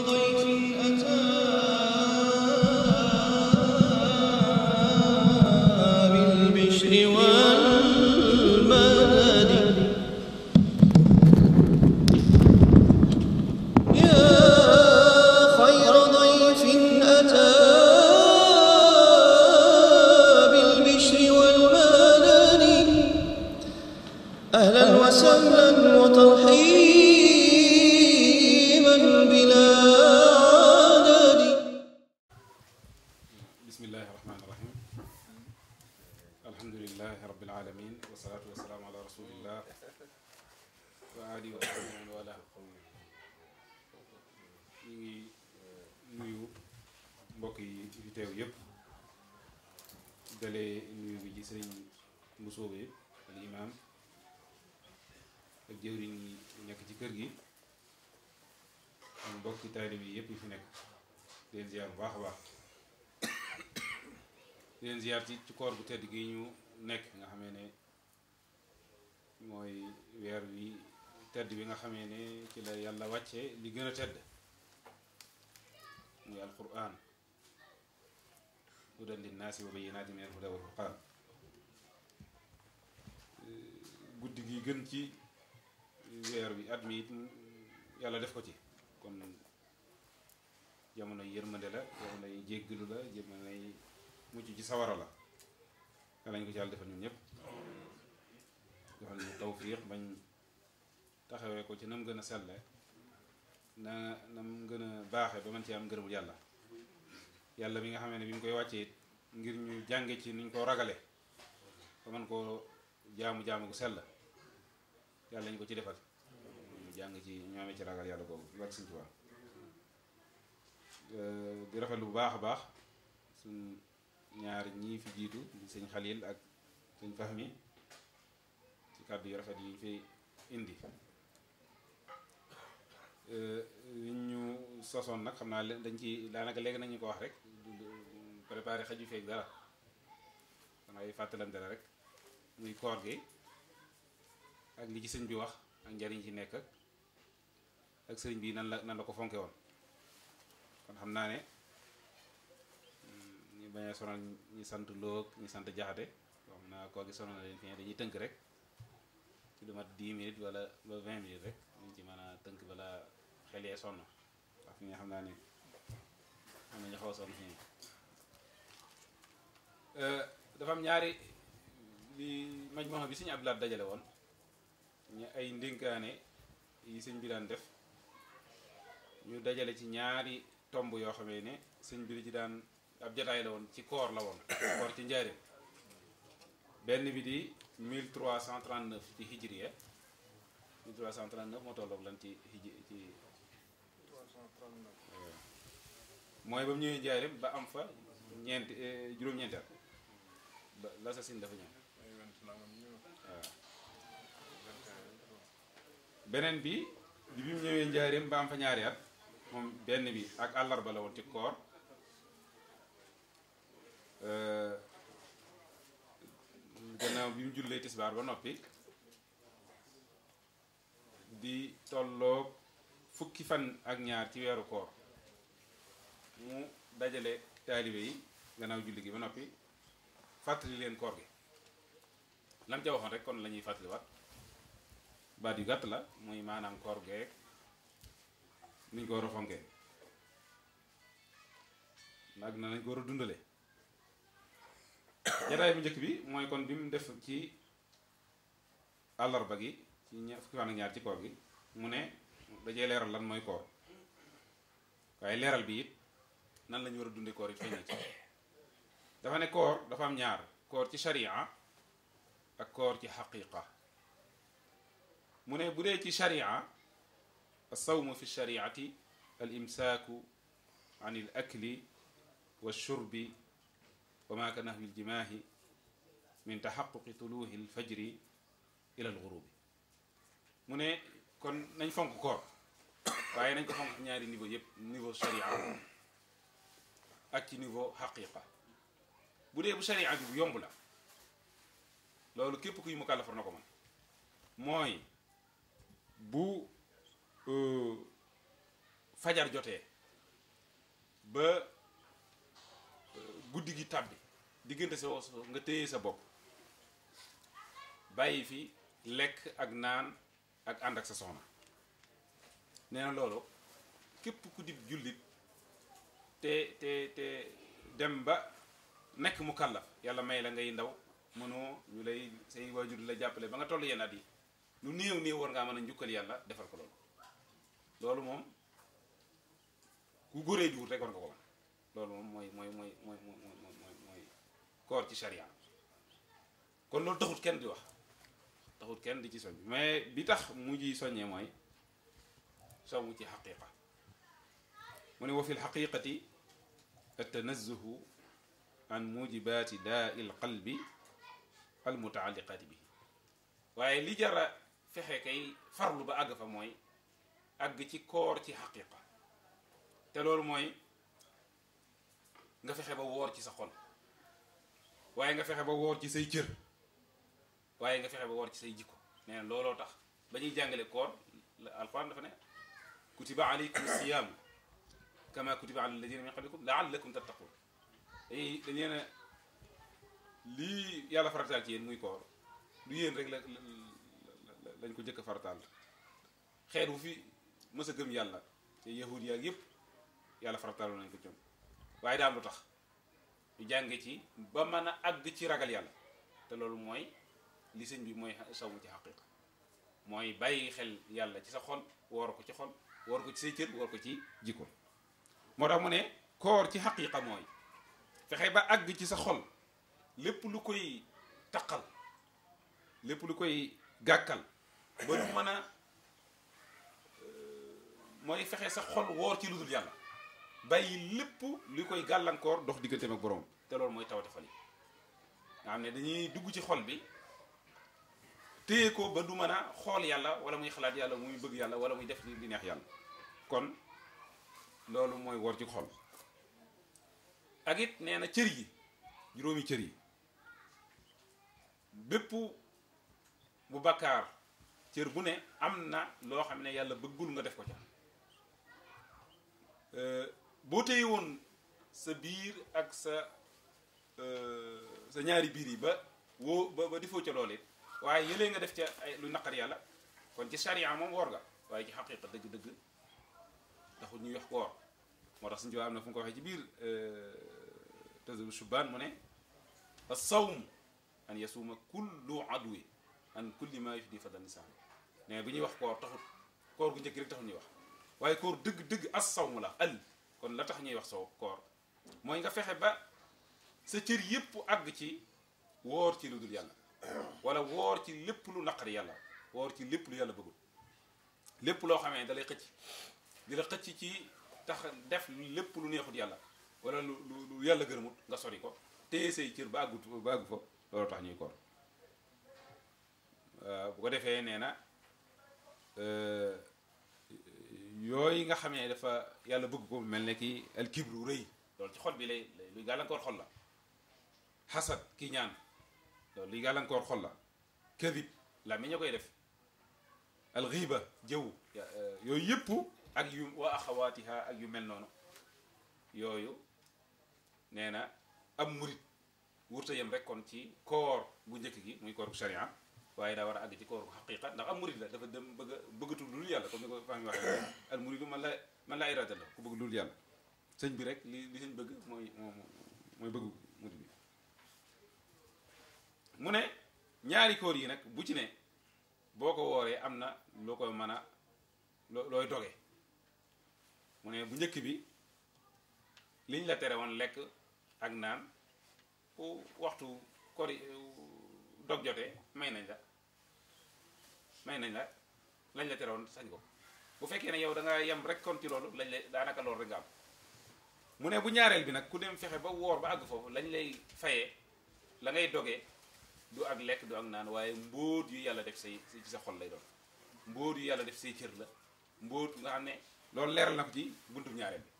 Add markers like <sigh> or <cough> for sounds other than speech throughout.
الضيق ziar baax a baax di leen ci ci koor bu tedd gi ñu nekk nga xamee ne mooy weer bi tedd bi nga xamee ne ci la yàlla wàcce li gën a tedd muy alquran hudan linnaasi wa bayyinaati min alhuda wal furqaan guddi gi gën ci weer bi at yàlla def ko ci kon jamono yërmande la jamono yi la jamono yi mucc ci sawara la danañ ko ci yàlla defal ñun ñëpp defal ñu tawfiix bañ taxawee ko ci nam gën a selle na nam gën a baaxe ba mën ci am ngërëmul yàlla yàlla bi nga xamee ne bi ñu koy wàcce ngir ñu jànge ci nuñ koo ragale ba mën koo jaamu-jaamu gu sell yàlla ñu ko ci defal ñu jàng ci ñoome ci ragal yàlla boobu wàcc Sëñ Euh, di rafet bu baax a baax suñ ñaar ñii fi jiitu di sëñ Xalil ak sëñ mi ci kàddu yu rafet yi fi indi euh, li ñu sosoon nag xam naa dañ ci daanaka lekk nañu ko wax rek préparé xaju feeg dara damay fàttalante la rek muy koor gi ak li ci sëñ bi wax ak njariñ ci nekk ak sëñ bii nan la nan la ko fonke woon kon xam naa ne mm, ñu bañ a ñu ñi sant loog ñu sant jaxate xam naa koo gi na leen fi dañuy tënk rek ci lu mat 10 minutes wala ba 20 minutes rek ñu ci mën a tënk bala xel yee sonn wax fi nga xam naa ne am ñu xaw a sonn fi euh, dafa am ñaari li maj moo xam bi suñu abdulaat dajale woon ñu ay ndénkaane yi sëñ bi daan def ñu dajale ci ñaari tomb yoo xamee ne sëñ bi ci daan ab jataay la woon ci koor la woon koor ci njaarim benn bi di 1339 ci hijriya 1339 moo tolloog lan ci hijri ci mooy ba mu ñëwee njaarim ba am fa ñeent eh, juróom-ñeenteel ba dafa ñëw waaw beneen bi bi mu ñëwee njaarim ba am fa ñaari at moom benn bi ak àllarba la woon ci koor euh, gannaaw bi mu jullee tisbaar ba noppi di tolloo fukki fan ak ñaar ci weeru koor mu dajale taalibe yi gannaaw julli gi ba noppi fàttali leen koor gi lam ca waxoon rek kon la ñuy fàttaliwaat baat yu gàtt la muy maanaam koor geek niñ ko war a fonkee nag na lañ ko war a dundale jataay bu njëkk bi mooy kon bi mu def ci àllarba gi ci ñaar fukki fan ak ñaar ci koor gi mu ne dajee leeral lan mooy koor waaye leeral bi it nan la war a dunde koor yi feeñ ci dafa ne koor dafa am ñaar koor ci sharia ak koor ci xaqiqa mu ne bu dee ci sharia alsawmu fi lshariati al imsaaku an al akli wa shurbi wa maa ka nahwi ljimaahi min taxaquqi tuluhi lfajri ila lgurubi mu ne kon nañ fonk koor waaye nañ ko fonk ñaari niveau yëpp niveau sharia ak ci niveau xaqiqa bu dee bu sharia bi bu yomb la loolu képp kuy mukallaf na ko mën mooy bu Euh, fajar jotee ba euh, guddi gi tàbbi diggante sa oso nga téye sa bopp bàyyi fi lekk ak naan ak ànd ak sa soxna nee na loolu képp ku dib jullit te te te dem ba nekk mu kàllaf yàlla may la ngay ndaw mënoo ñu lay say waajur la jàppale ba nga toll yenn at yi lu néew néew war ngaa mën a njukkal yàlla defal ko loolu loolu moom ku góoree jiwut rek war nga loolu moom mooy mooy mooy mooy mooy mooy koor ci charia kon loolu taxut kenn di wax taxut kenn di ci soññ mais bi tax mu ji soññee mooy mu ci xaqiqa mu ne wax fi lxaqiqati attanazzuhu an mujibati daa il qalbi almutaaliqati bi waaye li jara fexe kay farlu ba àgg mooy àgg ci koor ci xaqiqa te loolu mooy nga fexe ba woor ci sa xol waaye nga fexe ba woor ci say cër waaye nga fexe ba woor ci say jikko nee na looloo tax ba ñuy jàngale koor alquran dafa ne kutiba aleykum siyam kama kutiba ala alladina min qablikum laallakum tattaqun dañuy dañ leen lii yàlla farataal ci yéen muy koor du yéen rek la lañ ko jëkk a farataal xeet wu fi mës a gëm yàlla te yahud yaak yëpp yàlla farataal nañ ko jëm waaye daal lu tax lu jàng ci ba mën a àgg ci ragal yàlla te loolu mooy li bi mooy sawmu ci xaqiqa mooy bàyyi xel yàlla ci sa xol woor ko ci xol woor ko ci say cër wor ko ci jikko moo tax mu ne koor ci xaqiqa mooy fexe ba àgg ci sa xol lépp lu koy taqal lépp lu koy gàkkal ba du mën a mooy fexe sa xol woor ci lu dul yàlla bàyyi lépp li koy gàllankoor dox digganteem ak borom te loolu mooy tawati xol yi nga xam ne dañuy dugg ci xol bi téye ko ba du mën a xool yàlla wala muy xalaat yàlla muy bëgg yàlla wala muy def di neex yàlla kon loolu mooy woor ci xol ak it nee na cër yi juróomi cër yi bépp bu bakkaar cër bu ne am na loo xam ne yàlla bëggul nga def ko ca Euh, boo téye woon sa biir ak sa euh, sa ñaari biir yi ba woo ba ba defoo ca loolee waaye yëlee nga def ca ay lu naqar yàlla kon ci charia moom woor nga waaye ci xaqiqa dëgg-dëgg taxul ñuy wax koor moo tax suñu jiw am na fu mu waxee ci biir euh, tazul shubaan mu ne as-sawm an yasuuma kullu adwi an kulli ma yufdi fadan lisaan mais bu ñuy wax koor taxut koor gu njëkk rek taxul ñuy wax waaye koor dëgg-dëgg as saw mu la al kon la tax ñuy wax saw koor mooy nga fexe ba sa cër yépp àgg ci woor ci lu dul yàlla wala woor ci lépp lu naqari yàlla woor ci lépp lu yàlla bëggul lépp loo xamee da lay xëcc di la xëcc ci tax def lépp lu neexut yàlla wala lu yàlla gërëmut nga sori ko téye say cër ba àggut ba loolu tax ñuy koor bu ko defee nee na euh, yooyu nga xam ne dafa yàlla bëgg ko mel ne ki al kibru rëy loolu ci xol bi lay luy gàllankoor xol la xasad ki ñaan loolu luy gàllankoor xol la kadib la mi ña koy def al xiiba jëw euh, yooyu yëpp ak yu wa axawaatiha ak yu mel noonu yooyu nee na am murit wurta yem rek kon ci koor bu njëkk gi muy koor bu sharia waaye daa war a àgg ci koor gu xaqiqa ndax am murid la dafa dem bëgg a lu lul yàlla comme ni ko fami waxee al la man laa irada la ku bëgg lul yàlla sëñ bi rek li li sëñ bëgg mooy moom mooy bëgg murid bi mu ne ñaari koor yi nag bu ci ne boo ko wooree am na loo koy mën a looy doge mu ne bu njëkk bi liñ la tere woon lekk ak naan ku waxtu kori dog jotee may nañ la may nañ la lañ la teroon sañ ko bu fekkee ne yow da nga yem rek kon ci loolu lañ lay daanaka loolu rek nga am mu ne bu ñaareel bi nag ku dem fexe ba woor ba àgg foofu lañ lay fayee la ngay doge du ak lekk du ak naan waaye mbóot yu yàlla def say ci sa xol lay doon mbóot yu yàlla def say cër la mbóot nga xam ne loolu leeral na ko ci buntu ñaareel bi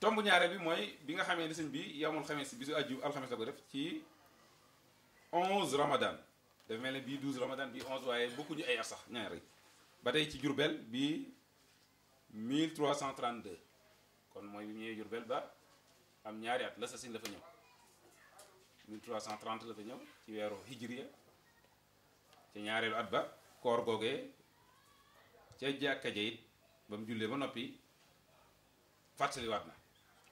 tomb ñaareel bi mooy bi nga xamee ni sëñ bi yamul xamis si bisu aju alxames la ko def ci 11 ramadan dafa mel bii 12 ramadan bii 11 waaye ñu ay at sax ñaar ba tey ci Jurbel bii 1332 kon mooy bi ñëwee Jurbel ba am ñaari at la sa sin la fa ñëw 1330 la fa ñëw ci weeru hijriya ci ñaareelu at ba koor googee ca jàkka ja ba mu jullee ba noppi fàttaliwaat na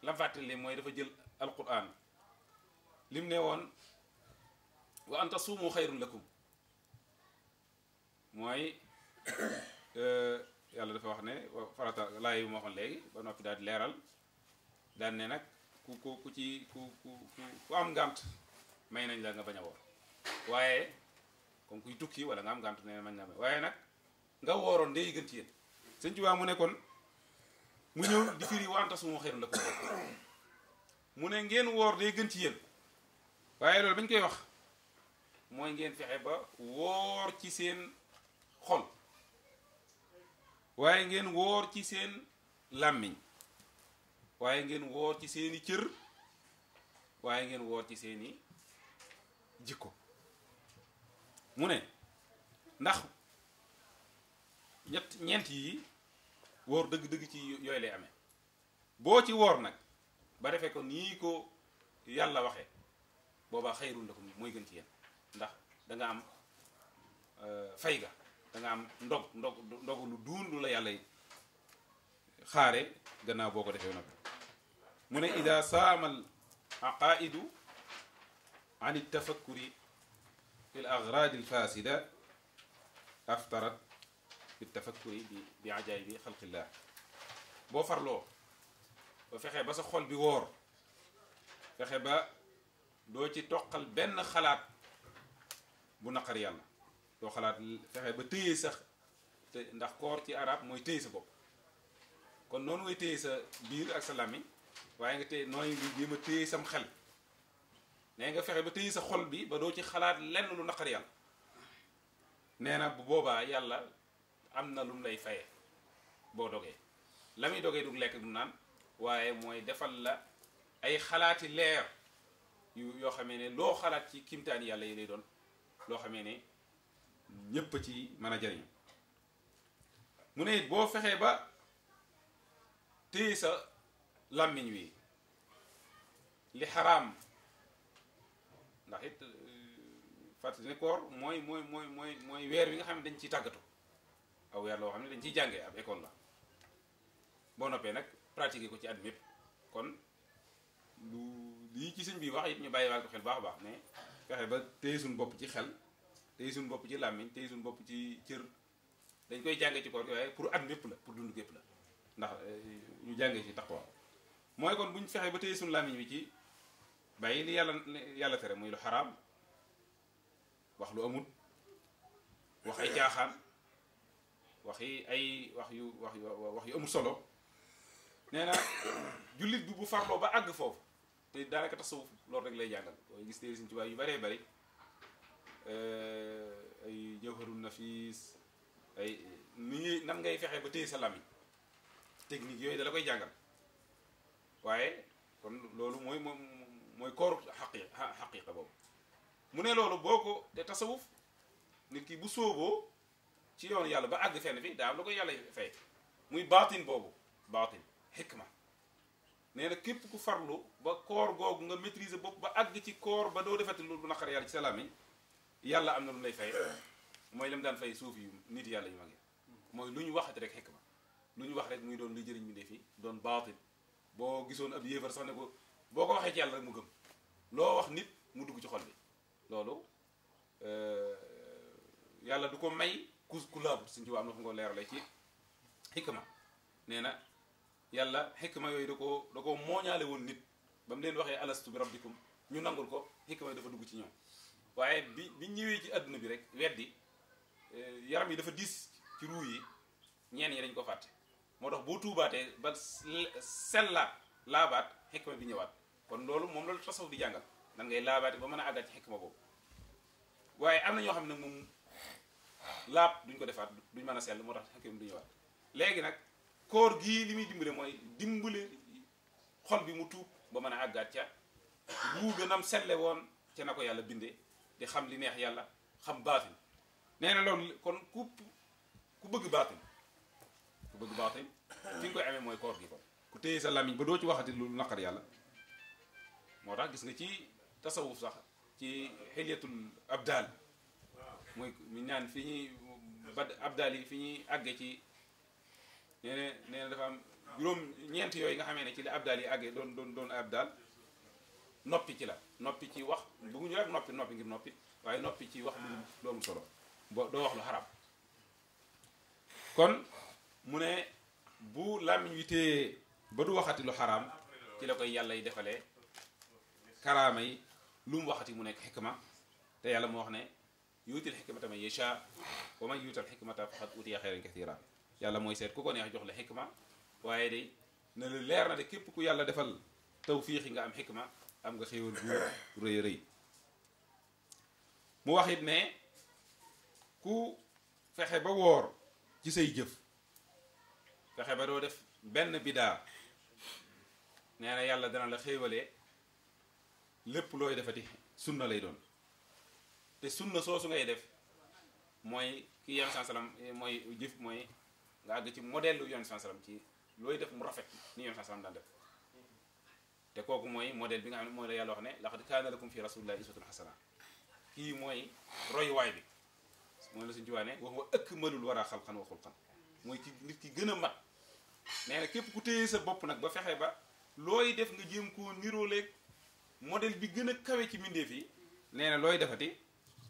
la fàttali mooy dafa jël alquran lim ne woon wa an tasuumu xayrun lakum mooy <coughs> euh, yàlla dafa wax ne farata laa yi ma waxoon léegi ba noppi daal di leeral daan ne nag ku ku ku ci ku ku ku am ngànt may nañ la nga bañ a woor waaye kon kuy tukki wala nga am ngànt ne mañ may waaye nag nga wooroon day gën ci yéen mu ne mu ñëw di firi wanta ne ngeen woor day gën ci yéen waaye loolu bañ koy wax mooy ngeen fexe ba woor ci seen xol waaye ngeen woor ci seen làmmiñ waaye ngeen woor ci seeni cër waaye ngeen woor ci seeni jikko mu ne ndax ñett ñeent yi woor dëgg-dëgg ci yooyu lay amee boo ci woor nag ba defee ko nii ko yàlla waxee boobaa xayrun lakum mooy gën ci yéen ndax danga nga am euh, fay ga da nga am ndog ndog ndog lu duun lu la yàlla xaare gannaaw boo ko defee nag mu ne ida saamal aqaidu an iltafakkuri fi l agradi alfasida aftarat bi tafakkuri bi bi ajaayibi xalqillah boo farloo ba fexe ba sa xol bi wóor fexe ba doo ci toqal benn xalaat bu naqar yàlla doo xalaat fexe ba téye sax te ndax koor ci arab mooy téye sa bopp kon noonu ngay téye sa biir ak sa lami waaye nga téye nooy ngi jéem a téye sam xel nee nga fexe ba téye sa xol bi ba doo ci xalaat lenn lu naqar yàlla bu boobaa yàlla am na lu mu lay faye boo dogee lami dogee du lekk du naan waaye mooy defal la ay xalaati leer yoo xamee ne loo xalaat ci kimtaan yàlla yi lay doon loo xamee ne ñépp ci mën a jariñu mu ne it boo fexee ba téye sa làmmiñ wi li xaraam ndax it euh, fàttali ne koor mooy mooy mooy mooy mooy weer wi nga xam ne dañ ciy tàggatu aw weer la woo xam ne dañ ciy jàngee ab école la boo noppee nag pratiquer ko ci at mépp kon lu lii ci sëñ bi wax it ñu bàyyi waal ko xel baax a baax mais fexe ba téye suñu bopp ci xel tey suñu bopp ci làmmiñ tey suñu bopp ci cër dañ koy jànge ci koor waaye pour at mépp la pour dund gépp la ndax eh, ñu jàngee ci taqwa mooy kon buñ fexee ba tey suñu làmmiñ bi ci bàyyi li yàlla yàlla tere muy lu xaraam wax lu amul wax ay caaxaan wax ay wax yu wax yu wax yu amul solo nee na <coughs> jullit bi bu farloo ba àgg foofu te daanaka tasawuf loolu rek lay jàngal booy gis tey suñ ci waay yu baree bari Euh, ay jawharul nafis ay ni nan ngay fexe ba téye sa làmmiñ technique yooyu dala koy jàngal waaye kon loolu mooy moom mooy kooru xaqi xaqiqa boobu mu ne loolu boo ko te tasawuf nit ki bu sóoboo ci yoonu yàlla ba àgg fenn fi daa am lu ko yàlla fay muy baatin boobu baatin xikma nee na képp ku farlu ba koor googu nga maîtriser bopp ba àgg ci koor ba doo defati lu naqar yàlla ci sa làmmiñ yàlla am na lu lay fay mooy lam daan fay suuf yu nit yàlla yu mag mooy lu ñu waxati rek xekk ma lu ñu wax rek muy doon luy jëriñ mi def fi doon baatil boo gisoon ab yéefar sax ne ko boo ko waxee ci yàlla rek mu gëm loo wax nit mu dugg ci xol bi loolu euh, yàlla du ko may ku ku laabut suñ ci am na fu nga leerale ci xikma nee na yàlla xikma yooyu da ko da ko mooñaale woon nit ba mu leen waxee alastu bi rabbikum ñu nangul ko xikma yi dafa dugg ci ñoom waaye bi bi ñëwee ci àdduna bi rek weddi eh, yaram yi dafa diis ci ruu yi ñeen yi dañ ko fàtte moo tax boo tuubaatee ba sellaat laabaat xikma bi ñëwaat kon loolu moom loolu tasawuf di jàngal nan ngay laabaate ba mën a àggat ci boobu waaye am na ñoo xam ne moom laab duñ ko defaat duñ mën a sell moo tax xikma du ñëwaat léegi nag koor gii li muy dimbale mooy dimbale xol bi mu tuub ba mën a àggaat ca ruu ga nam selle woon ca na ko yàlla bindee di xam li neex yàlla xam baatin nee na loolu kon ku ku bëgg baatin ku bëgg baatin fi nga koy amee mooy koor gi kon ku téye sa làmmiñ ba doo ci waxati lu naqar yàlla moo tax gis nga ci tasawuf sax ci xilyatul abdal mooy mi naan fi ñuy ba abdal yi fi ñuy àggee ci nee na nee na dafa am juróom ñeent yooyu nga xamee ne ci la abdal yi àggee doon doon doon abdal noppi ci la noppi ci wax bëgguñu rek noppi noppi ngir noppi waaye noppi ci wax lu amul solo boo doo wax lu xarab kon mu ne bu làmmiñ wi téye ba du waxati lu xaraam ci la koy yàlla yi defalee karaama yi lu mu waxati mu nekk xikma te yàlla moo wax ne yuutil xikmata man yasha wa man yuutal xikmata faqad utiya xayran kathiran yàlla mooy seet ku ko neex jox la xikma waaye day na lu leer na de képp ku yàlla defal tawfiix yi nga am xikma am nga xéewal bu rëy rëy mu waxit ne ku fexe ba woor ci say jëf fexe ba doo def benn bidaa nee na yàlla dana la xéewalee lépp looy defati sunna lay doon te sunna soosu ngay def mooy kii yoon san salam mooy jëf mooy nga àgg ci modèle lu yoon sansalam ci looy def mu rafet ni yoon san daan def te kooku mooy modèle bi nga xam ne mooy la yàlla wax ne laqad kaana lakum fi rasulillahi uswatun hasana kii mooy royuwaay bi mooy la suñu ci waane wax wa ëkk malul war a xalqan wa xulqan mooy ki nit ki gën a mat nee képp ku téye sa bopp nag ba fexe ba looy def nga jéem koo nirooleeg modèle bi gën a kawe ci mbindeef yi nee na looy defati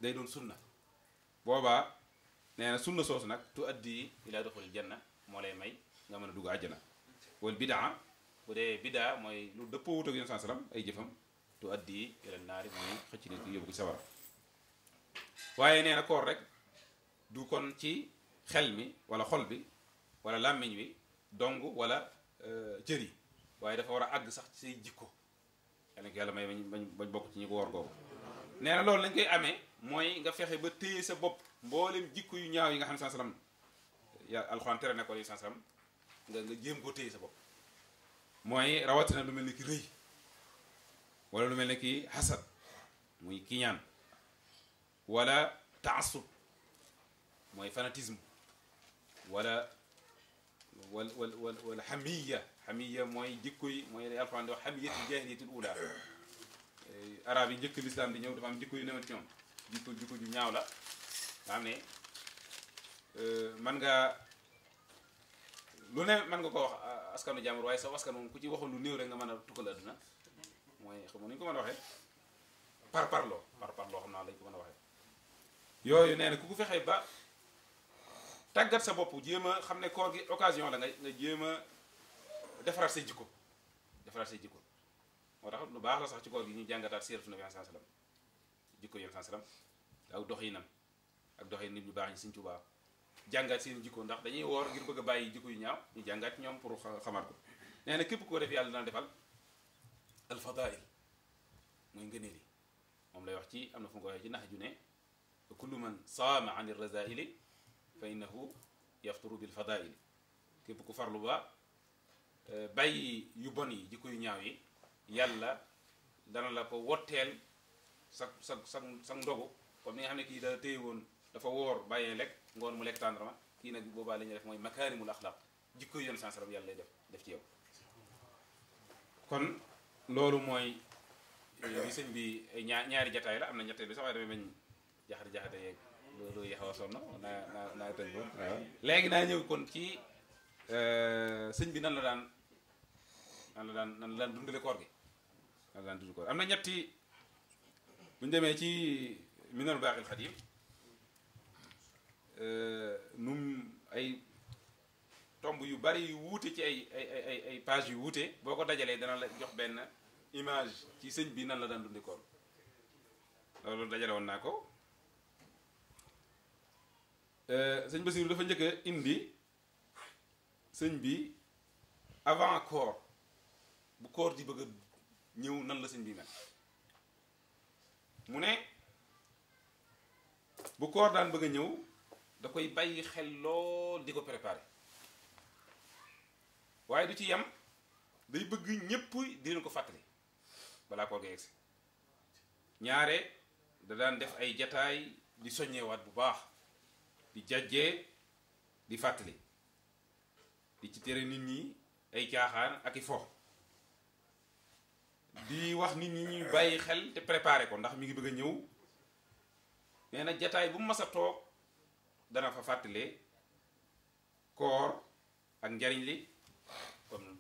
day doon sunna boobaa nee na sunna soosu nag tu addi ila doxul janna moo lay may nga mën a dugg na wal bu dee biddaa mooy lu dëppoo wut ak yonent saa salaam ay jëfam tu addi ilal naari mooy xëcc nit ki yóbbu ko nee na rek du kon ci xel mi wala xol bi wala làmmiñ wi dong wala euh, cër yi waaye dafa war a àgg sax ci jikko yàlla yàlla may bañ bañ bokk ci ko woor googu nee na loolu lañ koy amee mooy nga fexe ba téye sa bopp mboolem jikko yu ñaaw yi nga xam ne saa salaam ya alxuraan tere ne saa salaam nga nga jéem koo téye sa bopp mooy rawatina lu mel ni ki rëy wala lu mel ni ki xasad muy kiñaan wala taasub mooy fanatisme wala wal wal wal wala xamiya xamiya mooy jikko yi mooy day alxuraan di wax xamiyati jaahiliyatil ula eh, arab yi njëkk lislaam di ñëw dafa am jikko yu ñoom jikko jikko ju ñaaw la nga man eh, nga lu ne mën nga ko wax euh, askanu jàmbur waaye sax askan moom ku ci waxul lu néew rek nga mën a tukkal àdduna mooy xam nga ñu ko mën a parloo par naa lañ ko mën a waxee yooyu nee na ku ko fexe ba tàggat sa bopp jéem a xam ne koor gi occasion la nga nga jéem a defaraat say jikko defaraat say jikko moo tax lu baax la sax ci koor gi ñuy jàngataat siiratu nabi sallam jikko yi sallam ak doxinam ak doxin nit ñu baax ñi Sëñ Tuubaa jàngat seen jikko ndax dañuy woor ngir bëgg bàyyi jikko yu ñaaw ñu jàngat ñoom pour xamaat ko nee na képp koo def yàlla dana defal alfadail mooy lay wax ci am na fu nga waxee ne kullu man saama an razaili fa innahu yafturu bil fadaili képp ku farlu ba e, bàyyi yu bon yi jikko yu ñaaw yi yàlla dana la ko wotteel sa sa sa sa ndogu comme ni nga kii dala téye woon dafa woor bàyyee lekk ngoon mu lekk tàndarma kii nag boobaa li ñuy def mooy makaarimul axlaq jikko yoon sans yàlla lay def def ci yow. kon loolu mooy eh, sëñ bi eh, ñaar ñaari jataay la am na ñetteel bi sax waaye damay bañ jaxate jaxate yeeg loolu yi a sonn naa naa léegi naa ñëw kon ci eh, sëñ bi nan la daan nan la daan nan dundale koor gi nan la daan dundale koor am na ñetti buñ demee ci minal baaxil xadim Euh, nu ay tomb yu bari yu wuute ci ay ay ay page yu wuute boo ko dajalee dana la jox benn image ci sëñ bi nan la daan dundi koor loolu dajale woon naa ko euh, sëñ Basiru dafa njëkk a indi sëñ bi avant koor bu koor di bëgg ñëw nan la sëñ bi mel mu ne bu koor daan bëgg ñëw da koy bàyyi xel lool di ko préparer waaye du ci yam day bëgg ñépp di leen ko fàttali balaa koor ga egsi ñaare da daan def ay jataay di soññewaat bu baax di jàjjee di fàttali di ci tere nit ñi ay caaxaan ak i fo di wax nit ñi ñuy bàyyi xel te préparer ko ndax mi ngi bëgg a ñëw nee na jataay bu mu a toog dana fa fàttale koor ak njariñ li comme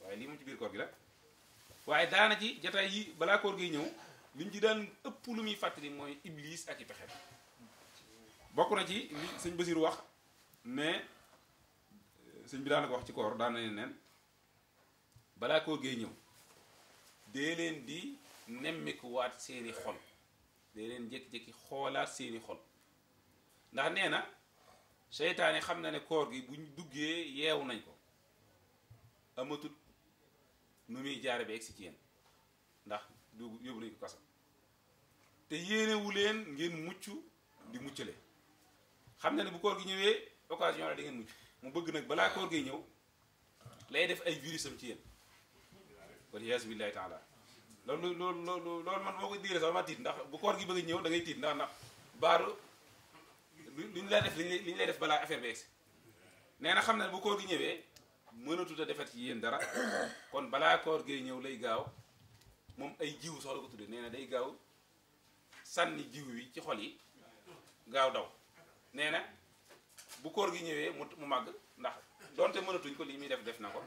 waaye lii moom ci biir koor gi la waaye daana ci jataay yi balaa koor gi ñëw liñ ñu ci daan ëpp lu muy fàttali mooy iblis ak i pexem bokk na ci li sëñ wax ne sëñ bi daana wax ci koor daana ne neen balaa koor gi ñëw dee leen di nemmiku waat seeni xol dee leen jékki-jékki xoolaat seeni xol ndax nee na seytaane xam na ne koor gi buñ duggee yeewu nañ ko amatut nu muy jaare ba egsi ci ndax du yóbbu nañ ko kasam te yéenewu leen ngeen mucc di muccale xam na ne bu koor gi ñëwee occasion la da ngeen mucc mu bëgg nag balaa koor gi ñëw lay def ay virusam ci yéen waliyaasu billaahi taala loolu loolu loolu man moo koy diire sax ma tiit ndax bu koor gi bëgg ñëw da ngay tiit ndax ndax baaru luñ la def liñ lay def balaa affaire bi egsi nee na xam na bu koor gi ñëwee mënatut a defar ci yéen dara <coughs> kon balaa koor gee ñëw lay gaaw moom ay jiw soxla ko tuddee nee na day gaaw sànni jiw yi ci xol yi gaaw daw nee na bu koor gi ñëwee mu mu màgg ndax donte mënatuñ ko li muy def def na ko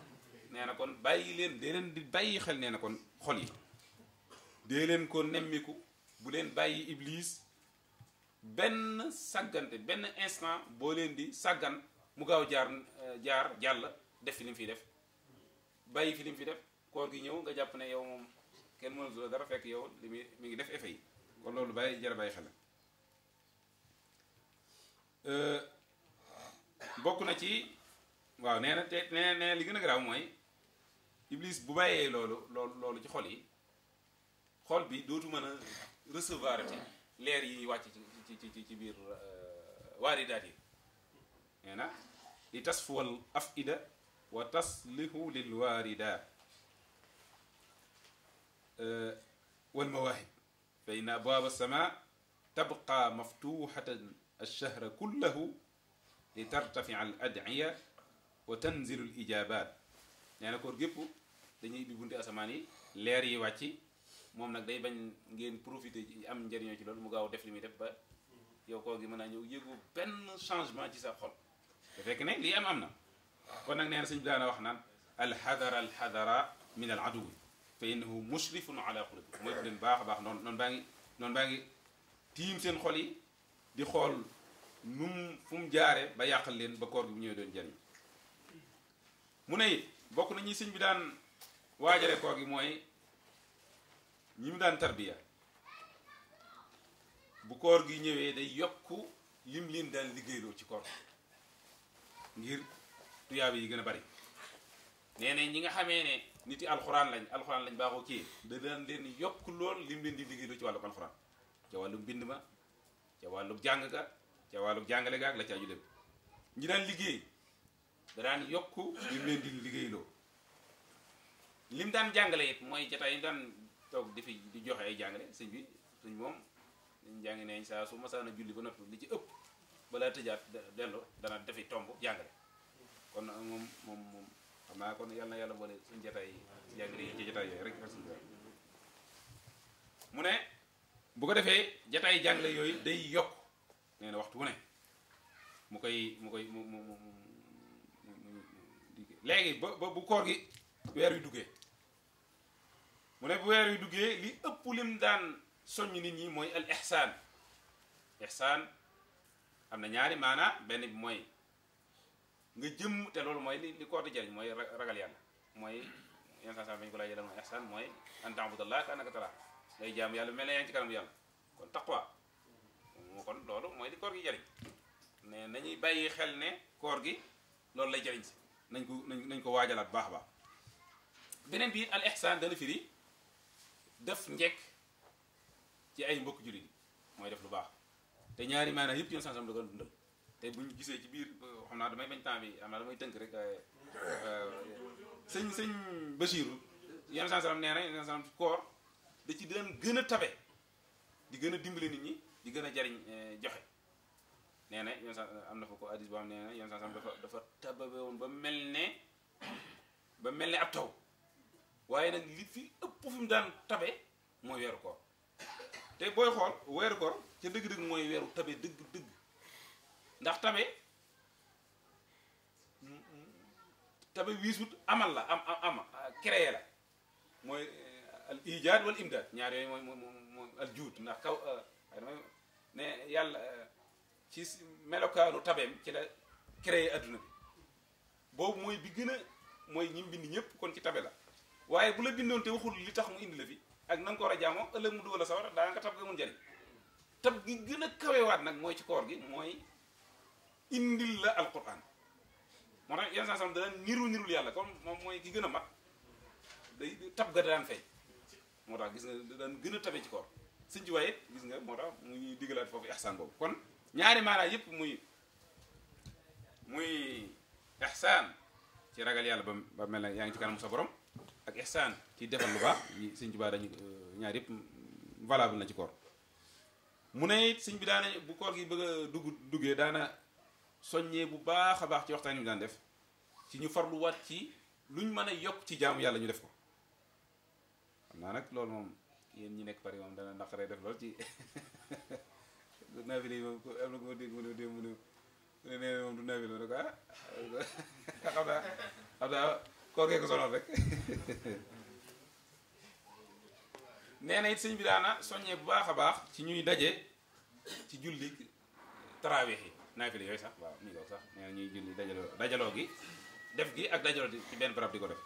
nee na kon bàyyi leen dee leen di bàyyi xel nee na kon xol yi dee leen ko nemmiku bu leen bàyyi iblis benn sàggante benn instant boo leen di sàggan mu gaaw jaar jaar jàll def fi li mu fiy def bàyyi fi li fi def koor gi ñëw nga jàpp ne yow moom kenn mënatu la dara fekk yow li mu mi ngi def effet yi kon loolu bàyyi jara bàyyi xel euh, bokk na ci waaw nee na te nee na li gën a garaaw mooy iblis bu bàyyee loolu loolu ci xol yi xol bi dootu mën a recevoir te leer yi wàcc ci ci ci ci biir euh, waaridaat yi nee na li tasfuwal afida wa taslihu lil waarida euh, wal mawaahib fa inna abwaaba sama tabqa maftuuxatan alchahra kullahu li tartafica al adciya wa tanzilu al ijaabaat nee na koor gépp dañuy bi bunti asamaan yi leer yi wàcc moom nag day bañ ngeen profité ci am njëriñoo ci loolu mu gaaw def li muy def ba yow koo gi mën a ñëw yëgu benn changement ci sa xol te fekk ne lii am am na kon nag nee na sëñ bi daana wax naan alxadara alxadara min al aduw fa innahu mushrifun ala qulubi mooy leen baax a baax noonu noonu baa ngi noonu baa ngi seen xol yi di xool num fu mu ba yàqal leen ba koor ñëwee doon jariñ mu ne bokk na sëñ bi daan waajale koor gi mooy ñi mu daan tarbiya bu koor gi ñëwee day yokku lim leen daan liggéeyloo ci koor ngir tuyaab yi gën a bari nee na ñi nga xamee nit yi alxuraan lañ alxuraan lañ baaxoo kii da daan leen yokk lool lim leen di liggéeyloo ci wàllum alxuraan ca wàllum bind ma ca wàllum jàng ga ca wàllum jàngale ga ak la ca aju lépp ñi daan liggéey da daan yokk lim leen di liggéeyloo lim daan jàngale it mooy jataay daan toog di fi di joxe ay jàngale sëñ bi sëñ moom dañ jàngi neeñ saa su masaan a julli ba noppi li ci ëpp balaa tëjaat delloo dana defi tomb jàngale kon moom moom moom xam naa kon yàlla na yàlla boole suñ jataay jàngale yi ci yooyu rek merci ne bu ko defee jataay jàngale yooyu day yokk nee waxtu wu ne mu koy mu koy mu léegi ba ba bu koor gi weer wi duggee mu ne bu weer wi duggee li ëpp lim daan soññ nit ñi mooy al ihsaan ihsaan am na ñaari maanaa benn bi mooy nga jëm te loolu mooy li li koor di jëriñ mooy ragal yàlla mooy yensan san bañu ko laajee lan mooy ihsaan mooy an ta'budallah ka annaka taraa ngay jaamu yàlla mel ne yaa ngi ci kanam yàlla kon taqwa moo kon loolu mooy li koor gi jëriñ ne nañuy bàyyi xel ne koor gi loolu lay jëriñ si nañ ko nañ ko waaja waajalaat baax a baax beneen bi it al ihsaan dana firi def njekk ci ay mbokk jullit mooy def lu baax te ñaari maanaam yëpp yoon sansam da ko te bu gisee ci biir xam naa damay bañ temps bi xam naa tënk rek euh, sëñ sëñ Bachirou yoon sansalam da ci di gën a tabe di gën a dimbale nit ñi di gën a jariñ euh, joxe nee na yoon am na fa ko addis boo dafa dafa tababe woon ba mel ne ba mel ne ab taw waaye nag li fi ëpp fi mu daan tabe mooy weeru koor te booy xool weeru koor ca dëgg-dëgg mooy weeru tabe dëgg-dëgg ndax tabe tabe wiisut amal la am am am créé la mooy eh, al ijaad wal imdaad ñaar yooyu mooy mooy al juut ndax kaw eh, ne yàlla eh, ci melokaanu tabeem ci la créé adduna bi boobu mooy bi gën a mooy ñi bind ñëpp kon ci tabe la waaye bu la bindoon te waxul li tax mu indi la fi ak na ko war a jaamoo ëllëg mu dugal la sawar daa nga tab ga mun jariñ tab gi gën a kawewaat nag mooy ci koor gi mooy indil la alquran moo tax saa sam yàlla kon moom mooy gën a mat day tab ga daan fay moo tax gis nga daan gën a tabe ci koor sëñ ci waaye gis nga moo tax mu ñuy digalaat foofu ihsaan boobu kon ñaari maanaa yëpp muy muy ihsaan ci ragal yàlla ba ba mel ne yaa ngi ci kanam sa borom ak ihsaan ci defal lu baax yi sëñ Tuubaa dañu euh, ñaar yëpp valable na ci koor mu ne it bi daana bu koor gi bëgg a duggee daana soññee bu baax a baax ci waxtaan yi mu daan def ci ñu wat ci luñ mën a yokk ci jaamu yàlla ñu def ko xam naa nag loolu moom yéen ñi nekk Paris moom dana naqaree def lool ci <laughs> naafile yi moom am na mu ne moom du ah, <laughs> xam naa xam naa koor gee ko sonal rek nee na it sëñ bi daana soññee bu baax a baax ci ñuy daje ci julli taraweex yi naafile yooyu sax waaw nii ñuy julli dajaloo dajaloo gi def gi ak dajaloo ci benn barab di ko def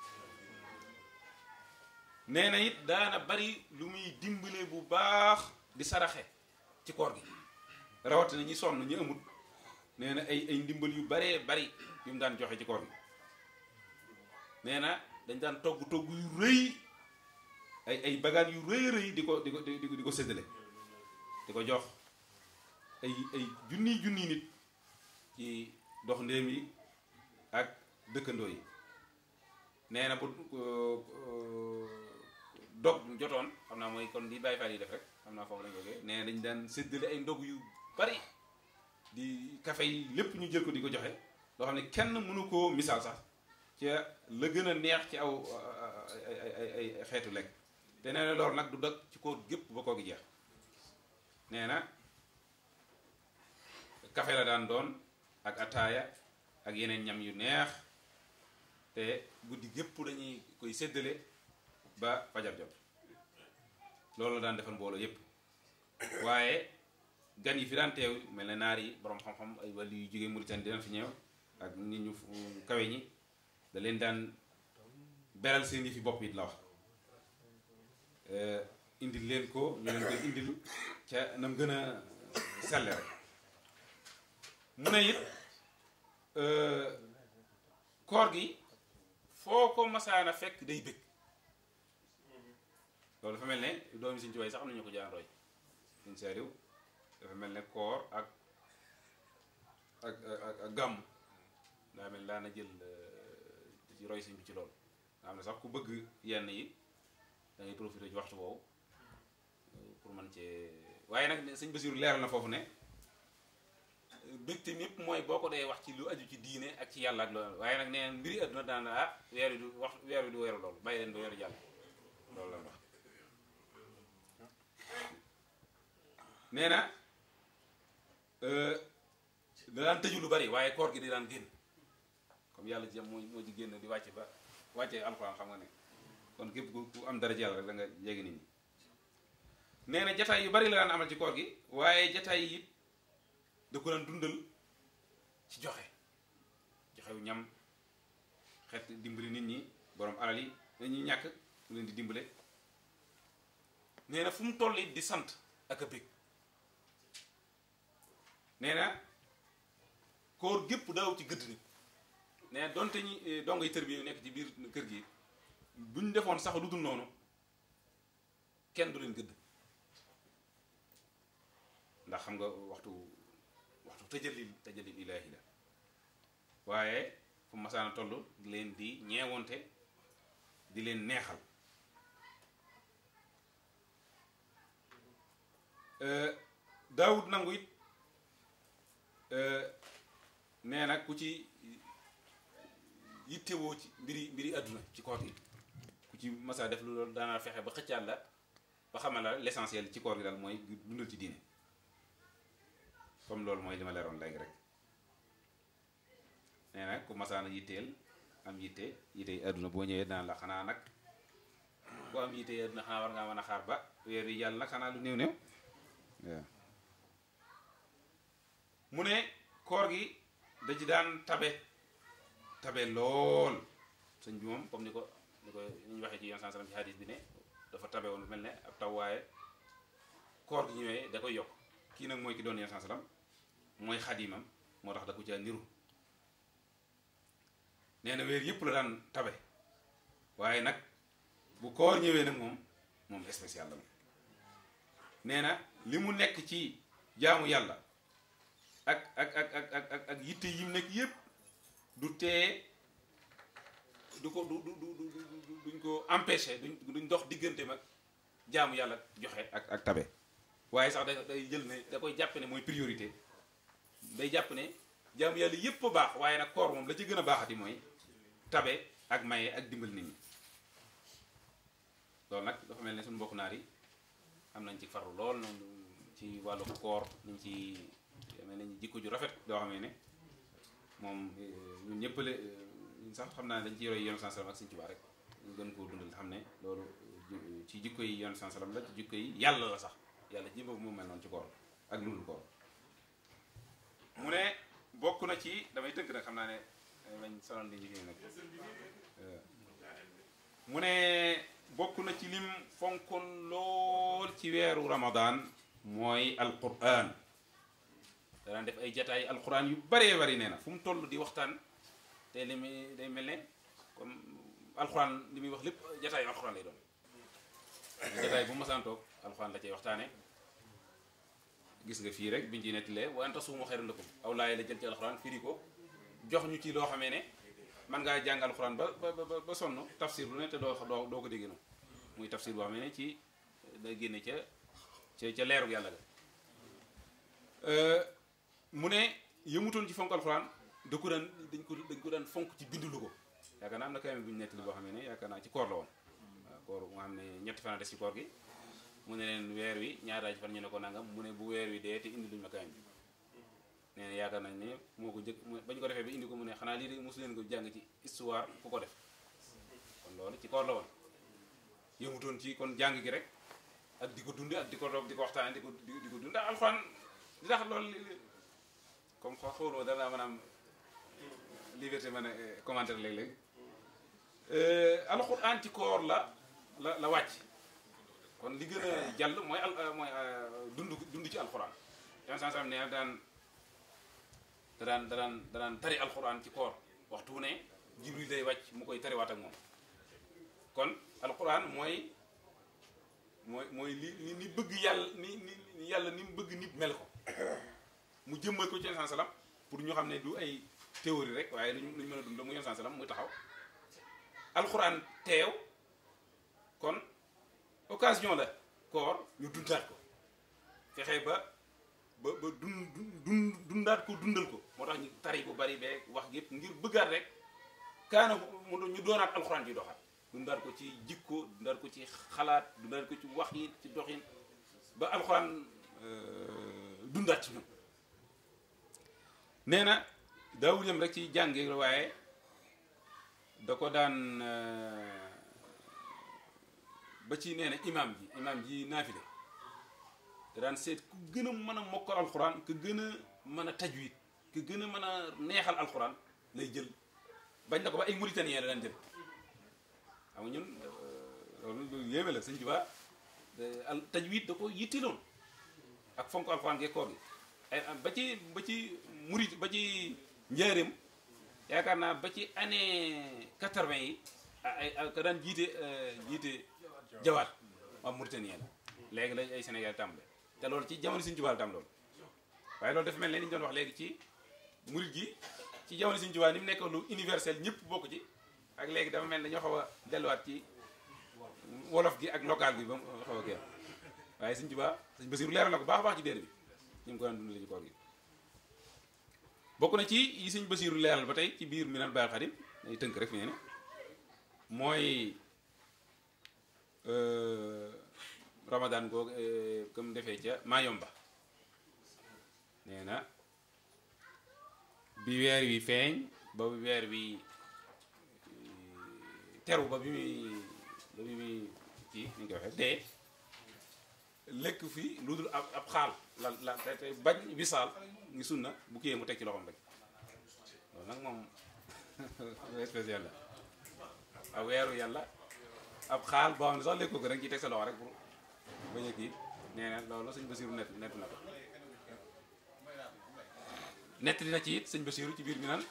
nee na it daana bari lu muy dimbale bu baax di saraxe ci koor gi na ñi sonn ñu amut nee na ay ay ndimbal yu bare bari yu mu daan joxe ci koor gi nee na dañ daan togg togg yu rëy ay ay bagaan yu rëy rëy di ko di ko di ko séddale di ko jox ay ay junniy junni nit ci dox ndéem yi ak dëkkandoo yi nee na euh, euh, bu dog jotoon xam naa mooy kon li Baay Faal yi def rek xam naa foofu lañ nee dañ daan séddale ay ndog yu bari di kafe yi lépp ñu jël ko di ko joxe loo xam ne kenn mënu koo misaal sax ca la gën a neex ci aw uh, ay xeetu lekk te nee na loolu nag du dog ci koor gépp ba koo gi jeex nee na kafe la daan doon ak attaaya ak yeneen ñam yu neex te guddi gépp dañuy koy séddale ba fajar jot loolu la daan defal mbooloo yépp waaye gan yi fi daan teew mel na naar yi borom xam-xam ay wàllu yu jógee Mauritanie dinañ fi ñëw ak nit ñu kawe ñi da leen daan beral seen yëfi bopp yi la wax euh, indil leen ko ñu leen koy nam gën a selle rek mu ne it euh, koor gi foo ko masaana fekk day bëgg loolu dafa mel ne doomi Sëñ Tuubaa sax am na ñu ko jaan roy Sëñ Saaliw dafa mel ne koor ak ak ak gàmm daa mel daana jël euh, ci roy sëñ bi ci loolu nga xam ne sax ku bëgg yenn yi da ngay profité waxtu woowu euh, pour man cee waaye nag sëñ Basiru leeral na foofu ne euh, mbégte mépp mooy boo ko dee wax ci lu aju ci diine ak ci yàlla ak loolu waaye nag nee mbiri adduna daan na ah weer wi na euh, da daan tëju lu bari waaye koor gi di daan génn yàlla ci moo moo ci génn di wàcce ba wàcce alxuraan xam nga ne kon képp ku am dara ci yàlla rek da nga nit ñi nee na jataay yu bari la daan amal ci koor gi waaye jataay yi da ko daan dundal ci joxe joxewu ñam xet dimbali nit ñi boroom alal yi dañuy ñàkk mu leen di dimbale nee na fu mu toll it di sant ak a bég nee na koor gépp daaw ci gëdd nit ne donte ñi eh, dongay tërbiya yu nekk ci biir kër gi bu ñu defoon sax lu dul noonu kenn du leen gëdd ndax xam nga waxtu waxtu tëjalil tëjalil ilaahi la waaye fu masaana toll di leen di ñeewonte di leen neexal eh, daawut nangu it eh, nee na ku ci yittewoo ci mbiri mbiri adduna ci koor gi ku ci masa def lu loolu daanaa fexe ba xëccaat la ba xamal la l'essentiel ci koor gi daal mooy dundal ci diine comme loolu mooy li ma leeroon léegi rek nee nag ku masaana yitteel am yitte yitte adduna boo ñëwee daan la xanaa nag ku am yitte adduna xanaa war ngaa mën a xaar ba weer yi yàlla nag xanaa lu néew néew mu ne koor gi da daan tabe tabee lool sëñ bi moom comme ni ko ni ko ni ñu waxee ci yoon saa ci hadis bi ne dafa tabe woon mel ne ab taw waaye koor gi ñëwee da koy yokk kii nag mooy ki doon yoon saa mooy xadiimam moo tax da ko caa niru nee na weer yëpp la daan tabe waaye nag bu koor ñëwee nag moom moom spécial la moom nee na li mu nekk ci jaamu yàlla ak ak ak ak ak ak yitte yi nekk yépp du te du ko du du du duñ ko empêcher duñ duñ dox diggante mag jaamu yàlla joxe ak ak tabe waaye sax da day jël ne da koy jàpp ne mooy priorité day jàpp ne jaamu yàlla yépp baax waaye nag koor moom la ci gën a baaxati mooy tabe ak maye ak dimbal nit ñi loolu nag dafa mel ne suñu mbokk naar yi am nañ ci farlu lool noonu ci wàllu koor niñ ci mel nañ jikko ju rafet doo xam ne moom euh, ñun ñëpp le euh, sax xam naa dañ ci roy yoonu sansalam ak Sëñ Tuubaa rek ñu gën koo dundal xam ne loolu euh, ci jikko yi yoonu sansalam la ci jikko yi yàlla la sax yàlla ji boobu moom mel noonu ci koor ak lu dul mu ne bokk na ci damay xam naa ne mañ di ñu fi nag mu bokk na ci lim fonkoon lool ci weeru ramadan mooy alquran danaan def ay jataay alxuraan yu bëree bëri nee na fu mu toll di waxtaan te li day mel ne comme alxuraan li muy wax lépp jataayu alxuraan lay doon jataay bu masaan toog alxuraan la cay waxtaane gis nga fii rek biñ ci nettalee wa an tasuumu xayrun ko aw laay la jël ci alxuraan firi ko jox ñu ci loo xamee ne man ngaa jàng alxuraan ba ba ba sonn tafsir lu ne te doo doo doo ko dégg noonu muy tafsir boo xamee ne ci day génne ca ca ca leeru yàlla ga euh, mu ne yëmutoon ci fonk alxuraan da ko daan dañ fonk ci bindulu ko yaakaar naa am na kayam bu ñu nettali boo xam ne yaakaar naa ci koor la woon waaw koor mu nga xam ne ñetti fan a mu ne weer wi ñaari ci ñu ne ko nangam mu ne bu weer wi dee indi luñu ma kayam bi nee na yaakaar nañ moo ko jëkk bañ ko defee ba indi ko mu ne xanaa lii de mosu leen ko jàng ci ko def kon loolu ci koor la woon yëmutoon ci kon jàng gi rek ak di ko dund ak di ko toog di di ko dund ndax alxuraan di tax loolu comme xooloo danaa maanaam liberté mën a eh, commentaire léeg-léeg euh, alxuraan ci koor la la wàcc kon li gën a jàll mooy al euh, euh, dund dund ci alxuraan yan sansam ne daan da daan da ci koor waxtu ne jibril day wàcc mu koy tariwaat ak moom kon alxuraan mooy mooy mooy li ni bëgg yàlla ni ni yàlla ni bëgg nit mel ko mu jëmmal ko ci Yonent salaam pour ñoo xam ne du ay théorie rek waaye luñ luñ mën a dund mu Yonent salaam muy taxaw alxuraan teew kon occasion la koor ñu dundaat ko fexe ba ba ba dun dun dundaat ko dundal ko moo tax ñu tari bari beeg wax yëpp ngir bëggaat rek kaana mu ñu doonaat alxuraan ji doxaat dundaat ko ci jikko dundaat ko ci xalaat dundaat ko ci wax yi ci doxin ba alxuraan euh, dundaat ci ñun nee na daawul yem rek ci jàngi waaye da ko daan euh, ba ci nee na imaam ji imaam ji naafile da daan seet ku gën mën a mokkal alxuraan ku gën a mën a tajwid ku gën a mën a neexal alxuraan lay jël bañ na ko ba ay mauritanien la daan jël xam nga ñun euh, loolu loolu yéeme la sëñ Tuubaa tajwid da ko yittiloon ak fonk alxuraan gee koor gi Eh, ah, ba ci ba ci murit ba ci njaareem yaakaar naa ba ci année quatre-vingt yi ay ka daan jiite eh, jiite jawaat waa Mauritanie la léegi lañ ay Sénégal tàmbale te loolu ci jamono Sëriñ Tuubaa tàmbale loolu waaye loolu dafa mel ne li doon wax léegi ci murit gi ci jamono Sëriñ Tuubaa ni mu nekkoon lu universel ñëpp bokk ci ak léegi dafa mel ne dañoo xaw a delluwaat ci wolof gi ak local gi ba mu xaw a kii waaye Sëriñ Tuubaa Sëriñ Basiru leeral na ko baax baax ci déer bi ñu ngi ko daan dundale ci koor gi bokk na ci yi sëñ Basiiru leeral ba tey ci biir Minanul Baaqil Xadiim day tënk rek nee na mooy euh, Ramadan googu euh, comme defee ca Mayomba nee na bi weer wi feeñ ba bi weer wi euh, teru ba bi muy ba bi muy kii ni ñu koy waxee dee lekk fii lu dul ab xaal la la te bañ saal ngi sunna bu kiyee mu teg ci loxoom rek nag moom <laughs> spécial la ab xaal boo xam ne sax lekkoo ko rek ci teg sa loxo rek pour bañ a kii nee na loolu sëñ Basiru nett na ko nett dina ci it sëñ Basiru ci biir mi nan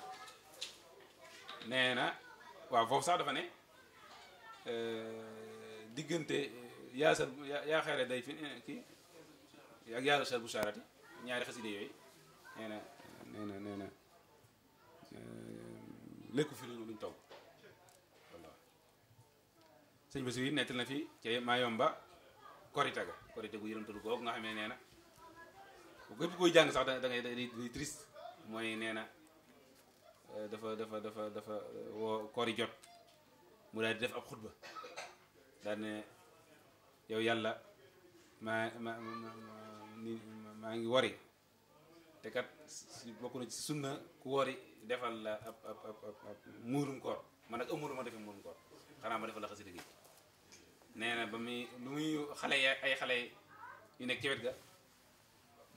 nee na waaw foofu sax dafa ne euh, diggante yaasal yaa xayra day fi eh, kii ak yaasal bu saarati ñaari xaside yooyu nee na nee na nee na eh, lekku fi luñu luñ taw walaa sëñ ba si nettal na fi ca ci Mayomba korite ga korite gu yërëmtalu googu nga xamee nee na képp koy jàng sax da ngay di triste mooy nee na eh, dafa dafa dafa dafa woo jot mu daal di def ab xutba daal yow yàlla maa ma maa ngi wari te kat bokk na si sunna ku wari defal la ab ab ab ab muurum koor man nag amul ma defee muurum koor xanaa ma defal la xasida gi nee na ba muy lu muy xale ya ay xale yu nekk ci ga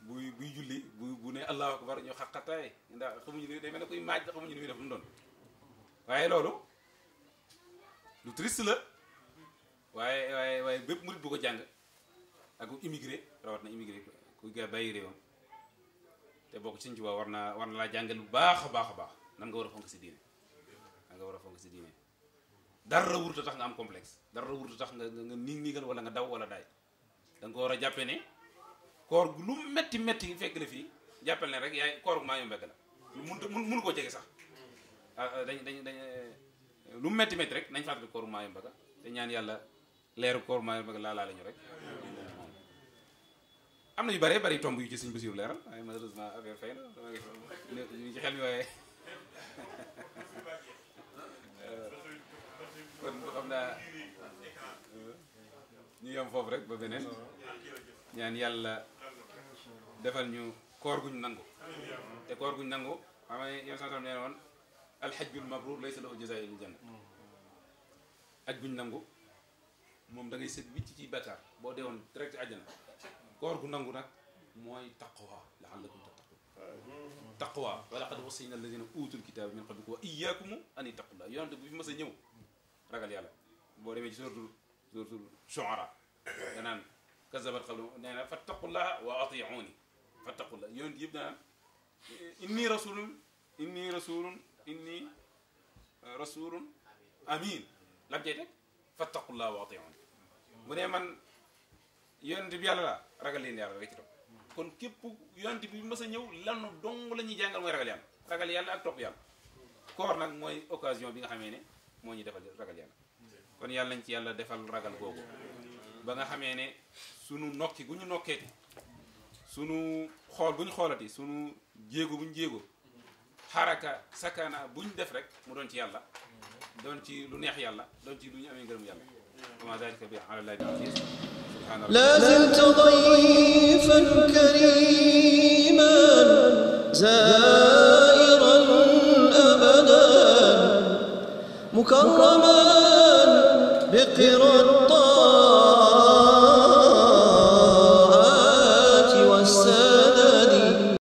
buy buy julli bu bu ne allahu akbar ñu xaqataay ndax xamuñu ne day mel ne kuy maaj xamuñu ne muy def mu doon waaye loolu lu triste la. waaye waaye waaye bépp murit bu ko jàng ak immigré rawat na immigré ku ga bàyyi réewam te bokk ci Tuubaa war naa war na laa jàngal bu baax a baax a baax nan nga war a fonk si diine nan nga war a fonk si diine dara wurta tax nga am complexe dara wurta tax nga nga niig niigal wala nga daw wala daay danga nga ko war a jàppe ne koor gu lu metti metti fekk la fii jàppal ne rek yaay koor gu maa yom bekk la mun munu koo jege sax ah, ah, dañ dañ dañ eh, lu metti metti rek nañ fàttali koor gu maa yàlla leeru koor maa bëgg laa laalañu rek am na yu bare bëri tomb yu ci sëñ Basiru leeral waaye malheureusement affaire fay na ñu ngi ci xel mi waaye <laughs> foofu rek ba beneen ñaan yàlla defal ñu koor guñ nangu te koor guñ nangu xam nga yéen sama tam nee woon alxajjul mabruur laysa lahu jazaa'un illa janna aj guñ nangu moom da ngay set wicc ci bàkkaar boo dee woon direct àjjana koor gu nangu nag mooy taqwa la'allakum tattaqun taqwa wa laqad wassayna alladina utul kitaba min qablikum wa iyyakum an ittaqullah yonante bu fi mës a ñëw ragal yàlla boo demee ci suratul suratul shu'ara danaan kazabat xablu nee na fattaqullaha wa ati'uni fattaqullah yonent yëpp danaan inni rasulun inni rasulun inni rasulun amin lam cay teg fattaqullaha wa ati'uni bu ne man yonent bi yàlla la ragal leen yàlla rek ci topp kon képp yonent bi mës a ñëw lanu dong la ñuy jàngal mooy ragal yàlla ragal yàlla ak topp yàlla koor nag mooy occasion bi nga xamee ne moo ñu defal ragal yàlla kon yàlla nañ ci yàlla defal ragal googu ba nga ne sunu nokki gu ñu nokkeeti sunu xool gu ñu xoolati sunu jéego bu bu ñu def rek mu doon ci yàlla doon ci lu neex yàlla doon ci lu ñu amee ngërëm yàlla لازلت ضيفا كريما زائرا أبدا مكرما بقرا